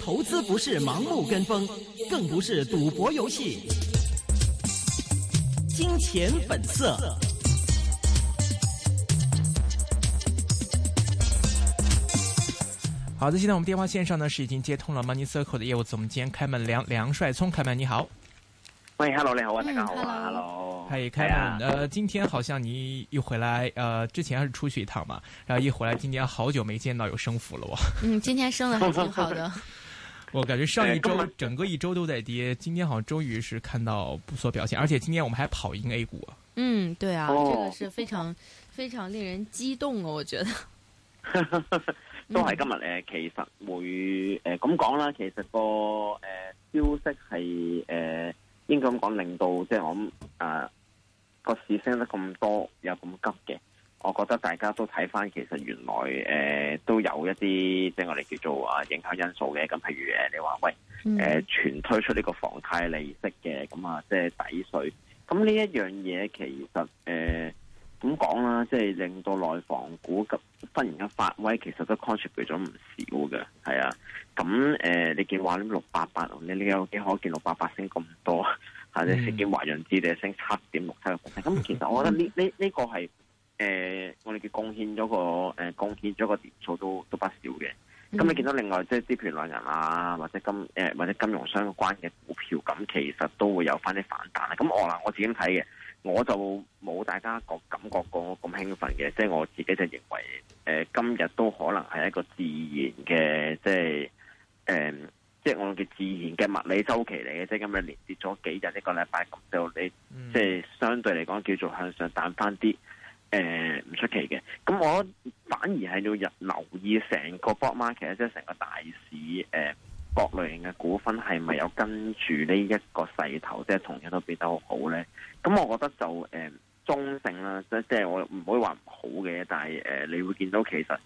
投資不是盲目跟風，更不是賭博遊戲。金錢本色。好的，現在我們電話線上呢是已經接通了 Money Circle 的業務總監 Clement 梁梁帥聰，Clement 你好。喂，Hello，你好啊，大家好啊。Hello。可以開啊！呃，今天好像你一回來，呃，之前還是出去一趟嘛，然後一回來，今天好久沒見到有升幅了，我。嗯，今天升的還挺好的。 我感覺上一周整個一周都在跌，今天好像終於是看到不錯表現，而且今天我們還跑贏 A 股。嗯，對啊，oh. 這個是非常非常令人激動的，哦，我覺得。 都係今日、呃、其實會誒咁、呃、講啦，其實個、呃、消息係誒、呃、應該咁講，令到即係我個市升得咁多有咁急嘅，我覺得大家都睇翻，其實原來誒、呃、都有一啲即係我哋叫做啊影響因素嘅。咁譬如誒你話喂，誒、呃、全推出呢個房貸利息嘅，咁啊即係抵稅。咁呢一樣嘢其實誒點講啦，即、呃、係、就是、令到內房股急忽然間發威，其實都 contribute 咗唔少嘅。係啊，咁誒你見話六八八，你六八八，你有幾可見六八八升咁多？或者涉及華潤置地升七點六七個 percent，咁其實我覺得呢呢呢個係誒、呃、我哋嘅貢獻咗個誒貢獻咗個點數都都不少嘅。咁你見到另外即係資權類人啊，或者金誒、呃、或者金融相關嘅股票，咁其實都會有翻啲反彈啦。咁我嗱我自己睇嘅，我就冇大家覺感覺過咁興奮嘅，即、就、係、是、我自己就認為誒、呃、今日都可能係一個自然嘅即係誒。就是呃即係我嘅自然嘅物理周期嚟嘅，即係咁樣連跌咗幾日一個禮拜，就你、嗯、即係相對嚟講叫做向上彈翻啲，誒、呃、唔出奇嘅。咁我反而係要入留意成個 board market，即係成個大市，誒、呃、各類型嘅股份係咪有跟住呢一個勢頭，即係同樣都比得好好咧？咁我覺得就誒、呃、中性啦，即係即係我唔可以話唔好嘅，但係誒、呃、你會見到其實。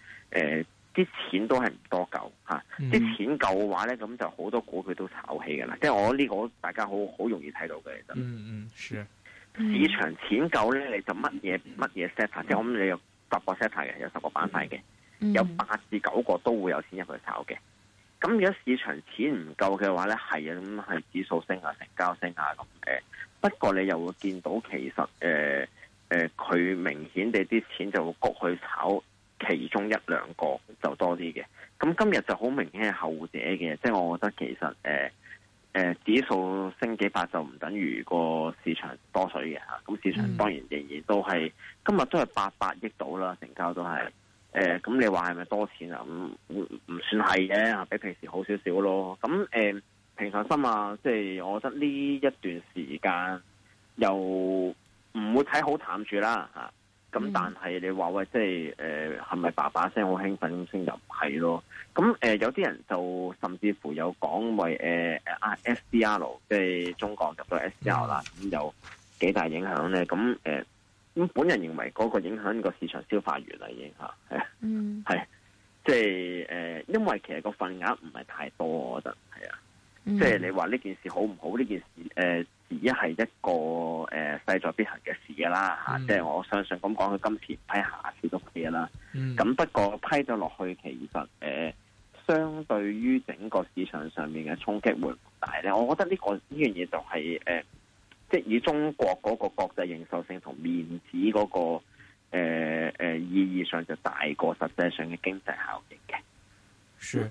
咁就好多股佢都炒起噶啦，即、就、係、是、我呢個大家好好容易睇到嘅，其實。嗯嗯，市場錢夠咧，你就乜嘢乜嘢 set 即係我諗你有十個 set 牌嘅，有十個板塊嘅，有八至九個都會有錢入去炒嘅。咁如果市場錢唔夠嘅話咧，係啊，咁係指數升啊，成交升啊，咁誒，不過你又會見到其實誒誒，佢、呃呃、明顯地啲錢就會焗去炒。今日就好明顯係後者嘅，即、就、係、是、我覺得其實誒、呃呃、指數升幾百就唔等於個市場多水嘅吓，咁市場當然仍然都係今日都係八百億到啦，成交都係誒，咁、呃、你話係咪多錢啊？唔、嗯、唔算係嘅，比平時好少少咯。咁誒、呃、平常心啊，即、就、係、是、我覺得呢一段時間又唔會睇好淡住啦吓。咁、嗯、但係你話喂，即係誒係咪爸叭聲好興奮咁升？就唔係咯。咁、嗯、誒有啲人就甚至乎有講為誒誒 r SCL，即係中國入到 SCL 啦，咁有，有幾大影響咧？咁誒咁本人認為嗰個影響個市場消化完嚟已經嚇係啊，即係誒、呃，因為其實個份額唔係太多，我覺得係啊，即係你話呢件事好唔好？呢件事誒。呃而家係一個誒勢、呃、在必行嘅事啦吓、嗯，即係我相信咁講，佢今次唔批下次都嘅啦。咁、嗯、不過批咗落去，其實誒、呃、相對於整個市場上面嘅衝擊會大咧。我覺得呢個呢樣嘢就係、是、誒、呃，即係以中國嗰個國際認受性同面子嗰、那個誒誒、呃呃、意義上就大過實際上嘅經濟效應嘅。是。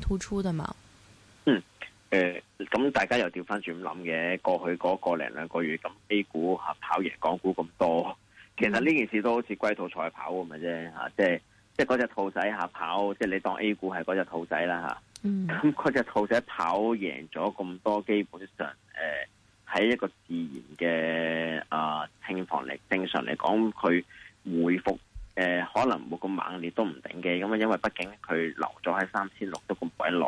突出嘅嘛？嗯，誒、呃，咁大家又調翻轉諗嘅，過去嗰個零兩個月咁 A 股吓跑贏港股咁多，其實呢件事都好似龜兔賽跑咁嘅啫，吓、啊，即係即係嗰隻兔仔吓跑，即、就、係、是、你當 A 股係嗰隻兔仔啦吓，嗯、啊，咁嗰隻兔仔跑贏咗咁多，基本上誒喺、呃、一個自然嘅啊，房力正常嚟講，佢恢復。誒，可能冇咁猛烈都唔定嘅，咁啊，因為畢竟佢留咗喺三千六都咁鬼耐，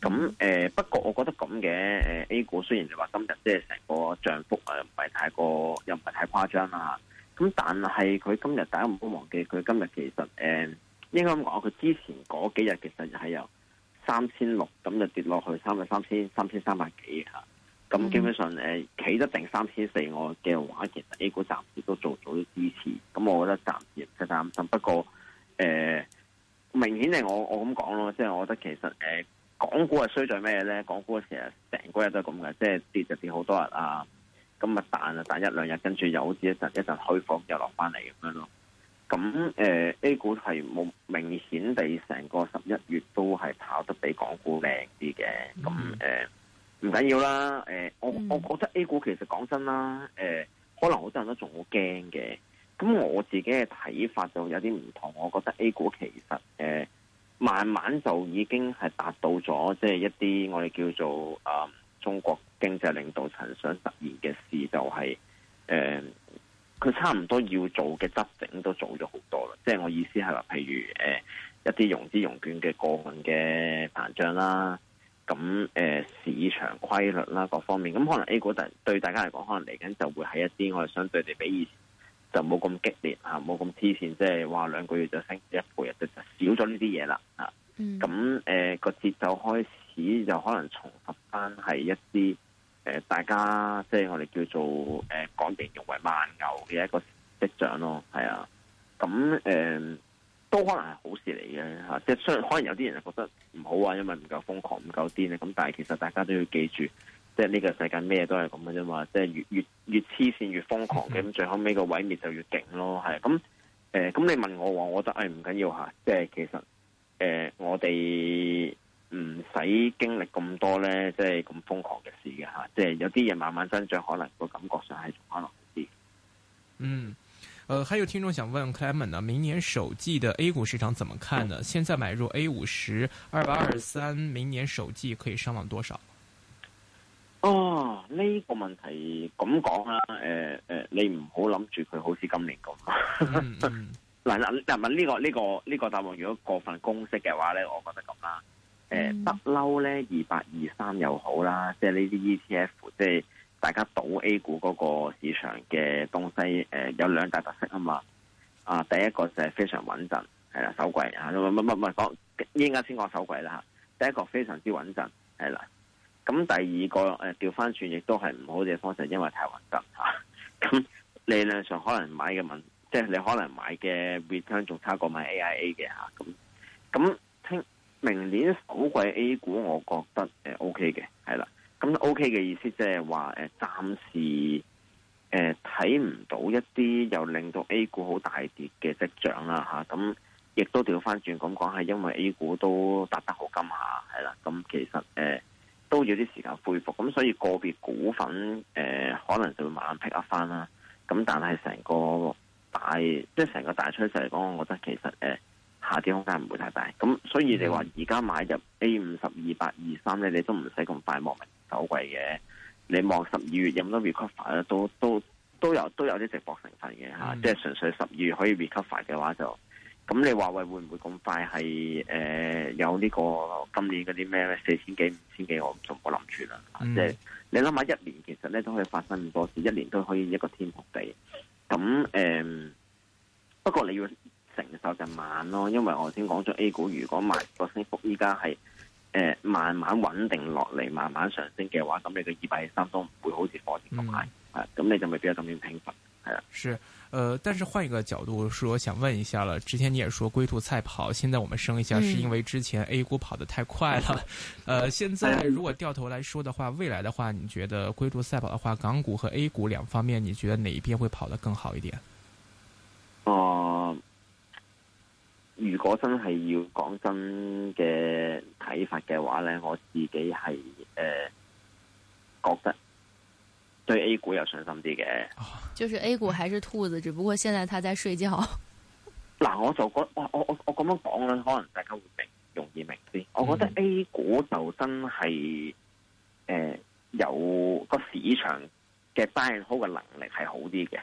咁誒，不過我覺得咁嘅，誒，A 股雖然你話今日即係成個漲幅誒，唔係太過，又唔係太誇張啦，咁但係佢今日大家唔好忘記，佢今日其實誒，應該咁講佢之前嗰幾日其實就係由三千六咁就跌落去三百三千三千三百幾吓。咁、嗯、基本上企、呃、得定三千四我嘅話，其實 A 股暫時都做咗支持，咁我覺得暫時唔使擔心。不過誒、呃、明顯地我我咁講咯，即、就、係、是、我覺得其實誒港股係衰在咩咧？港股成日成個日都係咁嘅，即、就、係、是、跌就跌好多日啊，今日彈啊彈，一兩日，跟住又好似一陣一陣開放又落翻嚟咁樣咯。咁、呃、A 股係冇明顯地，成個十一月都係跑得比港股靚啲嘅，咁誒。嗯唔緊要啦，誒，我我覺得 A 股其實講真啦，誒，可能好多人都仲好驚嘅，咁我自己嘅睇法就有啲唔同，我覺得 A 股其實誒，慢慢就已經係達到咗即係一啲我哋叫做誒、嗯、中國經濟領導層想實現嘅事、就係，就係誒，佢差唔多要做嘅執整都做咗好多啦，即、就、係、係、我意思係話，譬如誒、呃、一啲融資融券嘅過分嘅膨脹啦。咁誒、呃、市場規律啦，各方面咁可能 A 股對對大家嚟講，可能嚟緊就會係一啲我哋相對地比以前就冇咁激烈嚇，冇咁黐線，即係話兩個月就升一，一倍，一就就少咗呢啲嘢啦嚇。咁誒個節奏開始就可能重複翻係一啲誒、呃、大家即係我哋叫做誒講形容為慢牛嘅一個跡象咯，係啊。咁誒。呃都可能係好事嚟嘅，吓，即係雖然可能有啲人就覺得唔好啊，因為唔夠瘋狂，唔夠癲咧，咁但係其實大家都要記住，即係呢個世界咩都係咁嘅啫嘛，即係越越越黐線越瘋狂嘅，咁最後尾個毀滅就越勁咯，係咁，誒，咁、呃、你問我話，我覺得誒唔緊要吓，即係其實誒、呃、我哋唔使經歷咁多咧，即係咁瘋狂嘅事嘅吓，即係有啲嘢慢慢增長，可能個感覺上係仲可能啲，嗯。呃，還有聽眾想問 Clement 呢，明年首季的 A 股市場怎麼看呢？現在買入 A50 二八二三，明年首季可以上往多少？哦，呢、這個問題咁講啦，誒誒、呃呃，你唔好諗住佢好似今年咁。嗱、嗯、嗱，但係呢個呢、這個呢、這個答案，如果過分公式嘅話咧，我覺得咁啦，誒、呃，不嬲咧二八二三又好啦，即係呢啲 ETF 即係。大家賭 A 股嗰個市場嘅東西誒、呃、有兩大特色啊嘛，啊，第一個就係非常穩陣，係啦，首季啊，唔唔唔講依家先，講首季啦嚇，第一個非常之穩陣，係啦。咁第二個誒，調翻轉亦都係唔好嘅方式，因為太穩陣嚇。咁理論上可能買嘅問，即、就、係、是、你可能買嘅 return 仲差過買 AIA 嘅嚇。咁咁聽明年首季 A 股，我覺得誒、呃、OK 嘅，係啦。咁 OK 嘅意思即係話誒，暫時誒睇唔到一啲又令到 A 股好大跌嘅跡象啦吓，咁、啊、亦都調翻轉咁講係因為 A 股都達得好金下係啦，咁其實誒、呃、都要啲時間恢復，咁所以個別股份誒、呃、可能就會慢劈一翻啦，咁但係成個大即係成個大趨勢嚟講，我覺得其實誒下跌空間唔會太大，咁所以你話而家買入 A 五十、二八二三咧，你都唔使咁快莫名。走貴嘅，你望十二月有冇得 recover 咧？都都都有都有啲直播成分嘅吓，mm. 即係純粹十二月可以 recover 嘅話就，咁你話喂會唔會咁快係誒、呃、有呢、這個今年嗰啲咩咧四千幾、五千幾？我仲冇諗住啦，即係你諗下一年其實咧都可以發生咁多事，一年都可以一個天翻地咁誒、呃。不過你要承受就慢咯，因為我先講咗 A 股，如果賣個升幅依家係。慢慢穩定落嚟，慢慢上升嘅話，咁你嘅二百三都唔會好似火箭咁快，係、嗯、咁、啊、你就未必有咁樣興奮，係啦。是，呃但是換一個角度說，我想問一下啦，之前你也說龜兔賽跑，現在我們升一下，是因為之前 A 股跑得太快了，嗯、呃現在如果掉頭來說的話，未來的話，你覺得龜兔賽跑的話，港股和 A 股兩方面，你覺得哪一邊會跑得更好一點？哦、呃。如果真係要講真嘅睇法嘅話咧，我自己係誒、呃、覺得對 A 股有信心啲嘅。就是 A 股還是兔子，只不過現在它在睡覺。嗱、啊，我就覺我我我咁樣講咧，可能大家會明容易明啲。我覺得 A 股就真係誒、呃、有個市場嘅擺好嘅能力係好啲嘅，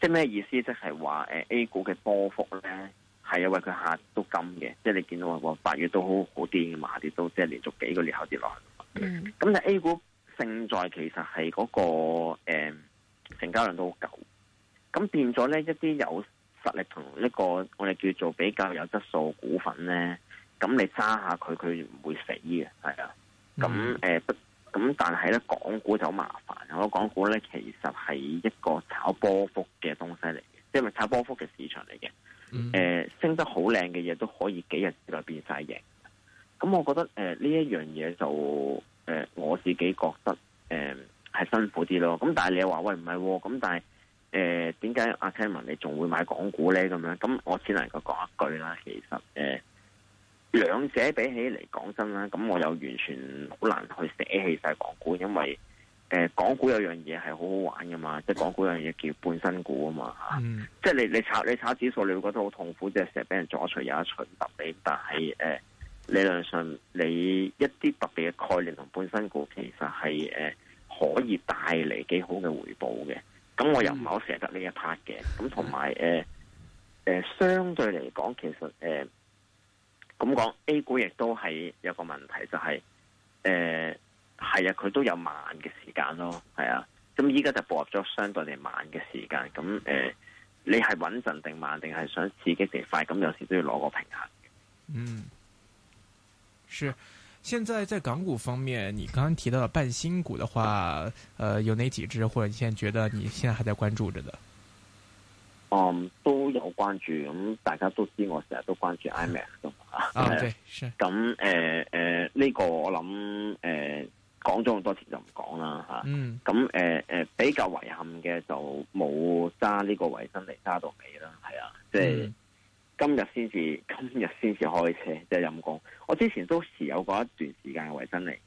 即係咩意思？即係話誒 A 股嘅波幅咧。係因為佢下都金嘅，即係你見到話八月都好好癲噶嘛，跌到即係連續幾個月頭跌落嚟。咁、mm. 但 A 股勝在其實係嗰、那個誒、嗯、成交量都好夠，咁變咗咧一啲有實力同一個我哋叫做比較有質素嘅股份咧，咁你揸下佢，佢唔會死嘅，係啊。咁、mm. 誒、嗯，咁但係咧港股就好麻煩，我港股咧其實係一個炒波幅嘅東西嚟嘅，即係咪炒波幅嘅市場嚟嘅？誒、mm-hmm. 呃、升得好靚嘅嘢都可以幾日之內變晒型，咁我覺得誒呢、呃、一樣嘢就誒、呃、我自己覺得誒係、呃、辛苦啲咯。咁但係你又話喂唔係喎，咁但係誒點解阿 Kevin 你仲會買港股咧咁樣？咁我只能夠講一句啦，其實誒、呃、兩者比起嚟講真啦，咁我又完全好難去捨棄晒港股，因為，誒、呃，港股有樣嘢係好好玩噶嘛，即係港股樣嘢叫半新股啊嘛，嗯、即係你你炒你炒指數你會覺得好痛苦，即係成日俾人左除右除突你，但係誒、呃、理論上你一啲特別嘅概念同半新股其實係誒、呃、可以帶嚟幾好嘅回報嘅，咁我又唔係好捨得呢一 part 嘅，咁同埋誒誒相對嚟講其實誒咁講 A 股亦都係有個問題就係、是、誒。呃係啊，佢都有慢嘅時間咯，係啊。咁依家就步入咗相對嚟慢嘅時間。咁誒，你係穩陣定慢，定係想刺激成快？咁有時都要攞個平衡。嗯，是。現在在港股方面，你剛剛提到嘅半新股嘅話，誒、呃，有哪幾隻？或者你現在覺得你現在還在關注着的？嗯，都有關注。咁、嗯、大家都知，我成日都關注 IMAX 咁誒誒，呢、嗯哦呃呃呃這個我諗誒。呃講咗咁多次就唔講啦吓，咁誒誒比較遺憾嘅就冇揸呢個維生嚟揸到尾啦，係啊，即、嗯、係今日先至今日先至開車即係陰功，我之前都持有過一段時間維生嚟嘅，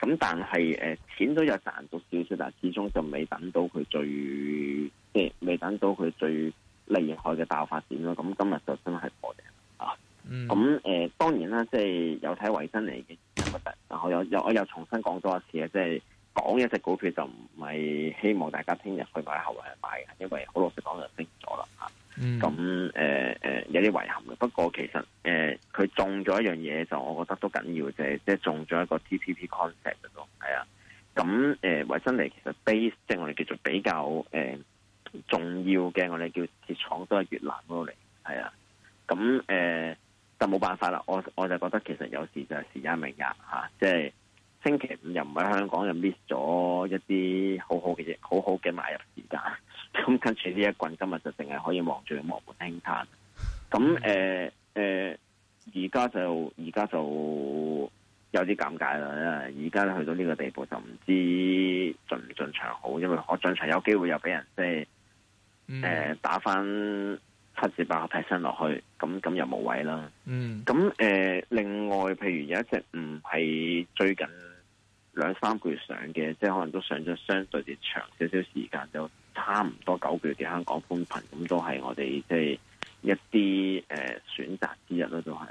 咁但係誒錢都有賺到少少，但係始終就未等到佢最即係未等到佢最厲害嘅大發展咯，咁今日就真係好嘅。咁、嗯、誒，當然啦，即係有睇維生嚟嘅，我覺得。然後又又我又重新講多一次嘅，即係講一隻股票就唔係希望大家聽日去買，後日買嘅，因為好老實講就升咗啦嚇。咁誒誒有啲遺憾嘅，不過其實誒佢中咗一樣嘢，就我覺得都緊要，就係即係中咗一個 TPP concept 嘅咯，係啊。咁誒維珍妮其實 base 即係我哋叫做比較誒重要嘅，我哋叫設廠都係越南嗰度嚟，係啊。咁誒。嗯就冇辦法啦，我我就覺得其實有時、啊、就係時間未夾嚇，即係星期五又唔喺香港又 miss 咗一啲好好嘅嘢，好好嘅買入時間。咁、啊、跟住呢一棍，今日就淨係可以望住望門興歎。咁誒誒，而家就而家就有啲尷尬啦。而家去到呢個地步，就唔知進唔進場好，因為我進場有機會又俾人即係誒打翻。七至八 percent 落去，咁咁又冇位啦。咁、嗯、誒、呃，另外譬如有一隻唔係最近兩三個月上嘅，即係可能都上咗相對嘅長少少時間，就差唔多九個月嘅香港寬頻，咁都係我哋即係一啲誒、呃、選擇之一啦，都、嗯、係。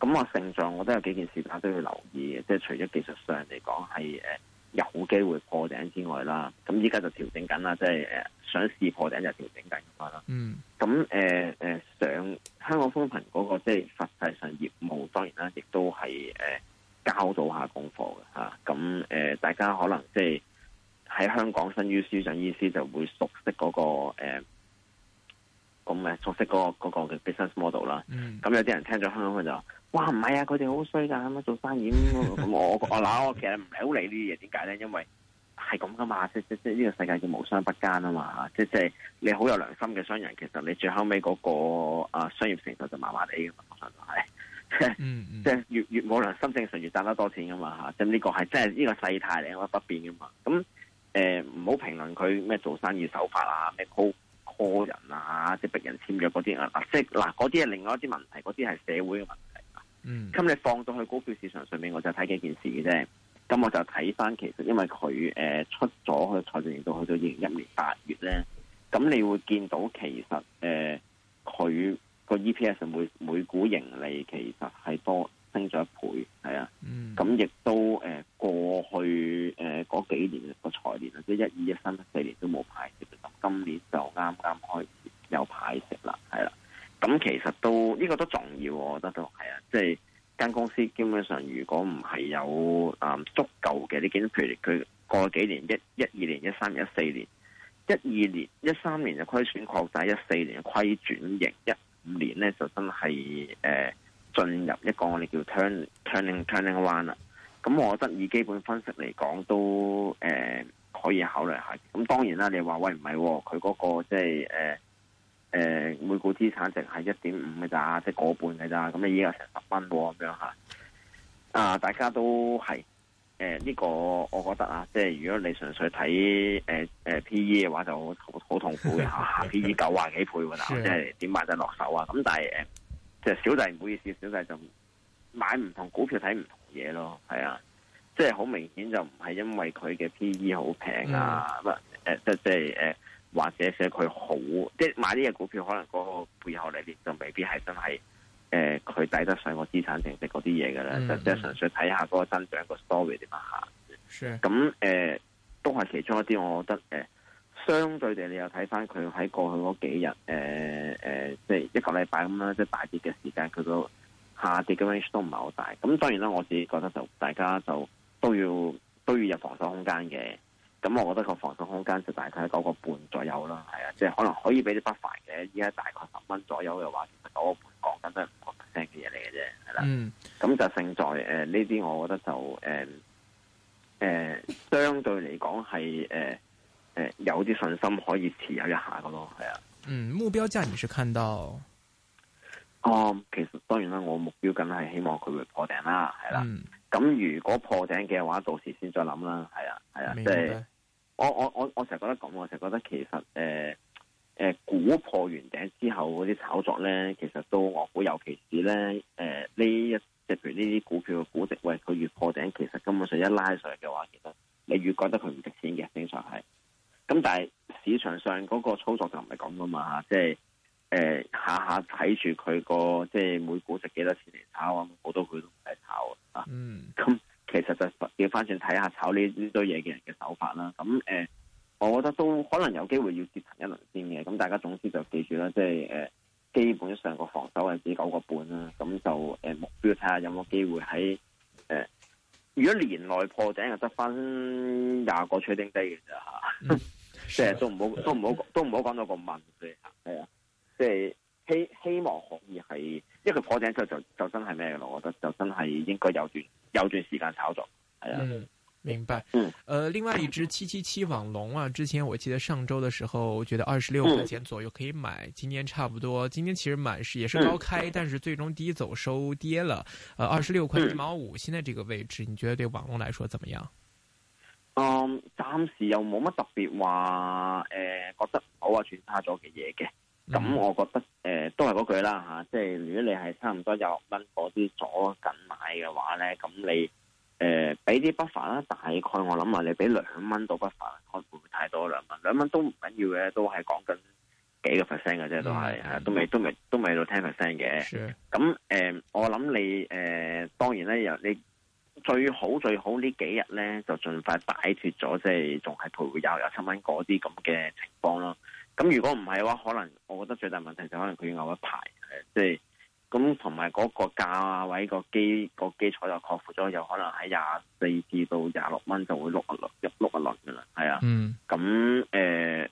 咁、嗯、我性狀，我都有幾件事大家都要留意嘅，即係除咗技術上嚟講係誒。有機會破頂之外啦，咁依家就調整緊啦，即係想試破頂就調整緊啦。嗯，咁香港風頻嗰個即係實際上業務，當然啦，亦都係誒交到下功課嘅吓。咁誒大家可能即係喺香港身於書上醫師就會熟悉嗰、嗰個咁熟悉嗰、嗰個嘅、嗰個、business model 啦。咁、mm. 有啲人聽咗香港風就。哇唔係啊，佢哋好衰噶，咁做生意咁 我我嗱，我其實唔係好理這些呢啲嘢，點解咧？因為係咁噶嘛，即即即呢個世界叫無商不奸啊嘛，即即係你好有良心嘅商人，其實你最後尾、那、嗰個啊商業成熟就就麻麻地噶嘛，係即即越越冇良心正常越賺得多錢噶嘛吓，咁呢個係即係呢個世態嚟，我不變噶嘛。咁誒唔好評論佢咩做生意手法啊，咩 call call 人啊，即係逼人簽約嗰啲啊，嗱即嗱嗰啲係另外一啲問題，嗰啲係社會嘅問題。咁、嗯、你放到去股票市場上面，我就睇幾件事嘅啫。咁我就睇翻其實，因為佢出咗佢財政年度去到二零一八年八月咧，咁你會見到其實佢個、呃、E P S 每每股盈利其實係多升咗一倍，係啊。咁、嗯、亦都誒過去嗰幾年個財年啊，即係一、二、一三、四年都冇派息，今年就啱啱開始有派息啦，係啦。咁其實都呢、呢個都重要，我覺得都係啊，即係間公司基本上如果唔係有啊、嗯、足夠嘅呢啲，你譬如佢過幾年一、一、二年、一三年、一四年、一二年、年、一三年嘅虧損擴大，一四年嘅虧轉型、一五年咧就真係誒、呃、進入一個我哋叫 turn turning turning round 啦。咁我覺得以基本分析嚟講都、呃、可以考慮一下。咁當然啦，你話喂唔係喎，佢嗰個即係誒。呃誒、呃，每股資產值係一點五嘅咋，即係嗰半嘅咋，咁你依家成十蚊喎，咁樣吓，啊，大家都係，誒、呃，呢、這個我覺得、呃呃、 啊，啊，即係如果你純粹睇誒誒 P E 嘅話，就好好痛苦嘅吓，P E 九啊幾倍喎，即係點買就落手啊，咁但係誒，即、呃、係小弟唔好意思，小弟就買唔同股票睇唔同嘢咯。係啊，即係好明顯就唔係因為佢嘅 P E 好平啊，唔、呃、誒，即係即係誒。呃或者係佢好，即係買呢隻股票，可能嗰個背後理念就未必係真係，誒、呃、佢抵得上嗰個資產淨值嗰啲嘢嘅咧，就即係純粹睇下嗰個增長個 story 點樣行。咁、嗯、誒、呃、都係其中一啲，我覺得誒、呃，相對地你又睇翻佢喺過去嗰幾日，誒、呃、誒，即、呃、係、就是、一個禮拜咁啦，即、就、係、是、大跌嘅時間，佢個下跌嘅 range 都唔係好大。咁當然啦，我自己覺得就大家就都要都要有防守空間嘅。咁我覺得個防守空間就大概九個半左右啦，係啊，即係可能可以俾啲不凡嘅。依家大概十蚊左右嘅話，其實九個半講緊都係唔同聲嘅嘢嚟嘅啫，係啦。嗯，咁就勝在誒呢啲，我覺得就誒誒相對嚟講係誒誒有啲信心可以持有一下嘅咯，係啊。嗯，目標價你是看到？哦、嗯嗯，其實當然啦，我的目標梗係希望佢會破頂啦，係啦。咁如果破頂嘅話，到時先再諗啦。係啊，係啊，即係我我我我成日覺得咁，我成日覺得其實誒誒，股破完頂之後嗰啲炒作咧，其實都我好，尤其是咧誒呢一譬如呢啲股票嘅估值，喂，佢越破頂，其實根本上一拉上嚟嘅話，其實你越覺得佢唔值錢嘅，正常係。咁但係市場上嗰個操作就唔係咁噶嘛，即係。誒、呃，下下睇住佢個即係每股值幾多錢嚟炒，我炒、mm. 啊，好多佢都唔係炒啊。嗯。咁其實就調翻轉睇下炒呢呢堆嘢嘅人嘅手法啦。咁、啊、誒、啊，我覺得都可能有機會要跌停一輪先嘅。咁、啊、大家總之就記住啦，即係誒、啊，基本上個防守係只九個半啦。咁就誒目標睇下有冇機會喺誒、啊，如果年內破頂又得翻廿個 trading day 嘅啫吓，即 係 都唔好都唔好 都唔好講到個問嘅係啊。即係希希望可以係，因為破頂之後就就，就真係咩嘅咯，我覺得就真係應該有段有段時間炒作係啊、嗯。明白。嗯誒、呃，另外一支七七七網龍啊，之前我記得上周的時候，覺得二十六塊錢左右可以買、嗯。今天差不多，今天其實買是也是高開，嗯、但是最終低走收跌了，呃二十六塊一毛五，現在這個位置，你覺得對網龍來說怎麼樣？嗯，暫時又冇乜特別話誒，覺得好啊轉差咗嘅嘢嘅。咁、嗯、我覺得誒、呃、都係嗰句啦、啊、即係如果你係差唔多廿蚊嗰啲咗緊買嘅話咧，咁你誒俾啲 buffer 啦，呃、buffer，大概我諗話你俾兩蚊到 buffer，不凡，可能會唔會太多兩蚊，兩蚊都唔緊要嘅，都係講緊幾個 percent 嘅啫，都係都未都未都未到 ten percent 嘅。咁誒、呃，我諗你誒、呃、當然咧，又你最好最好幾呢幾日咧，就盡快擺脱咗，即係仲係徘徊有廿七蚊嗰啲咁嘅情況咯。咁如果唔係嘅話，可能我覺得最大問題就可能佢要有一排，誒，即係咁同埋嗰個價位或者基個基礎又確保咗，有可能喺廿四至到廿六蚊就會碌一輪入碌一輪噶啦，係啊，咁、嗯、誒、呃，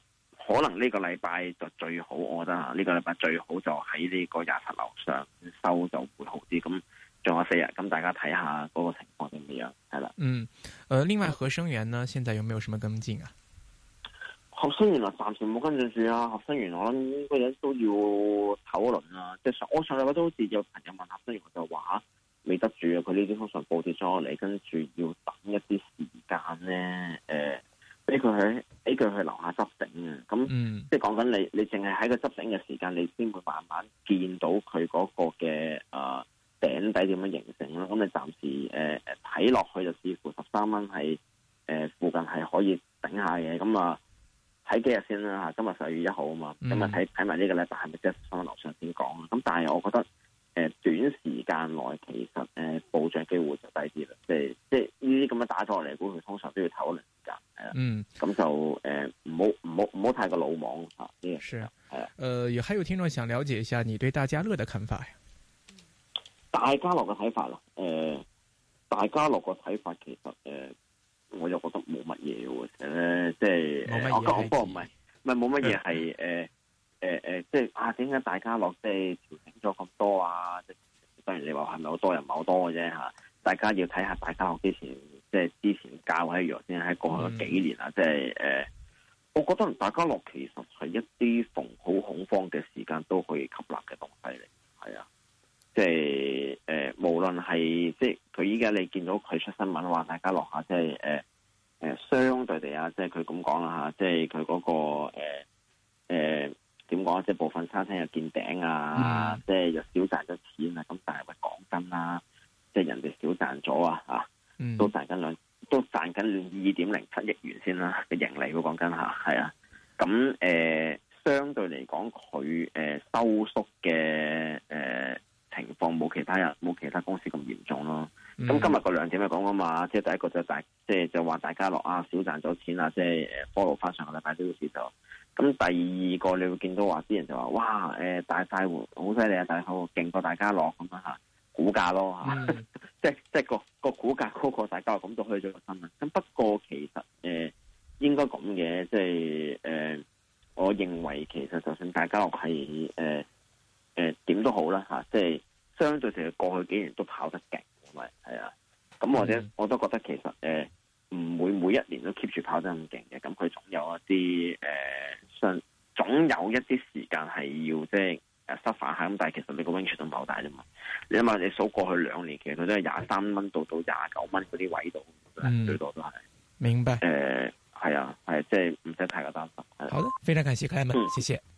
可能呢個禮拜就最好，我覺得啊，呢個禮拜最好就喺呢個廿十樓上收就會好啲，咁仲有四日，咁大家睇下嗰個情況點樣，係啦。嗯，誒、呃，另外合生元呢，現在有冇有什麼跟進啊？學生原來暫時冇跟住住啊。學生原來我諗個人都要討論啊，即係我上禮拜都好似有朋友問學生原來就話未得住啊，佢呢啲通常報跌咗落嚟，跟住要等一啲時間咧，誒俾佢喺俾佢去樓下執頂啊。咁、嗯、即係講緊你你淨係喺個執頂嘅時間，你先會慢慢見到佢嗰個嘅誒頂底點樣形成咯。咁你暫時誒誒睇落去就似乎十三蚊係誒附近係可以頂下嘅，咁啊。呃睇幾日先啦，今日十月一號啊嘛，今日睇睇埋呢個禮拜係咪即翻樓上先講，咁但係我覺得誒、呃、短時間內其實誒暴漲機會就低啲啦，即係即係呢啲咁樣打落嚟，估佢通常都要唞一陣間，係、嗯呃、啊，咁就誒唔好唔好唔好太過魯莽啊呢個啊，誒，有、呃、還有聽眾想了解一下你對大家樂的看法大家樂嘅睇法啦，誒，大家樂嘅睇法其實誒。呃我又覺得冇乜嘢喎，誒、呃，即係我覺得我講過唔係，唔係冇乜嘢係，誒，誒誒、嗯呃呃，即係啊，點解大家樂即係調整咗咁多啊？即係當然你話係咪好多人唔係好多嘅啫嚇？大家要睇下大家樂之前，即係之前教喺如何先喺過去幾年啊、嗯，即係誒、呃，我覺得大家樂其實係一啲逢好恐慌嘅時間都可以吸納嘅東西嚟，係啊。即係誒、呃，無論係即係佢依家你見到佢出新聞話，大家落下，下即係誒誒相對地、那個呃呃、啊，即係佢咁講啦吓，即係佢嗰個誒誒點講即係部分餐廳又見頂啊，即係又少賺咗錢啊，咁但係佢講真啦，即係人哋少賺咗啊吓、嗯，都賺緊兩都賺緊二點零七億元先啦嘅盈利，我講緊吓，係啊，咁誒、呃、相對嚟講佢誒收縮嘅誒。呃情況冇其他人冇其他公司咁嚴重咯。咁、mm. 今日個兩點就講啊嘛，即係第一個就大，即係就話、是、大家樂啊，少賺咗錢啊，即係 follow 翻上個禮拜都有事做。咁第二個你會見到話啲人就話，哇，誒、呃，大快活好犀利啊，大好勁過大家樂咁樣吓，股價咯吓、mm. 啊，即係即係個個股價高過了大家樂，咁都去咗做新聞。咁不過其實誒、呃，應該咁嘅，即係誒、呃，我認為其實就算大家樂係。感謝可愛們，謝謝。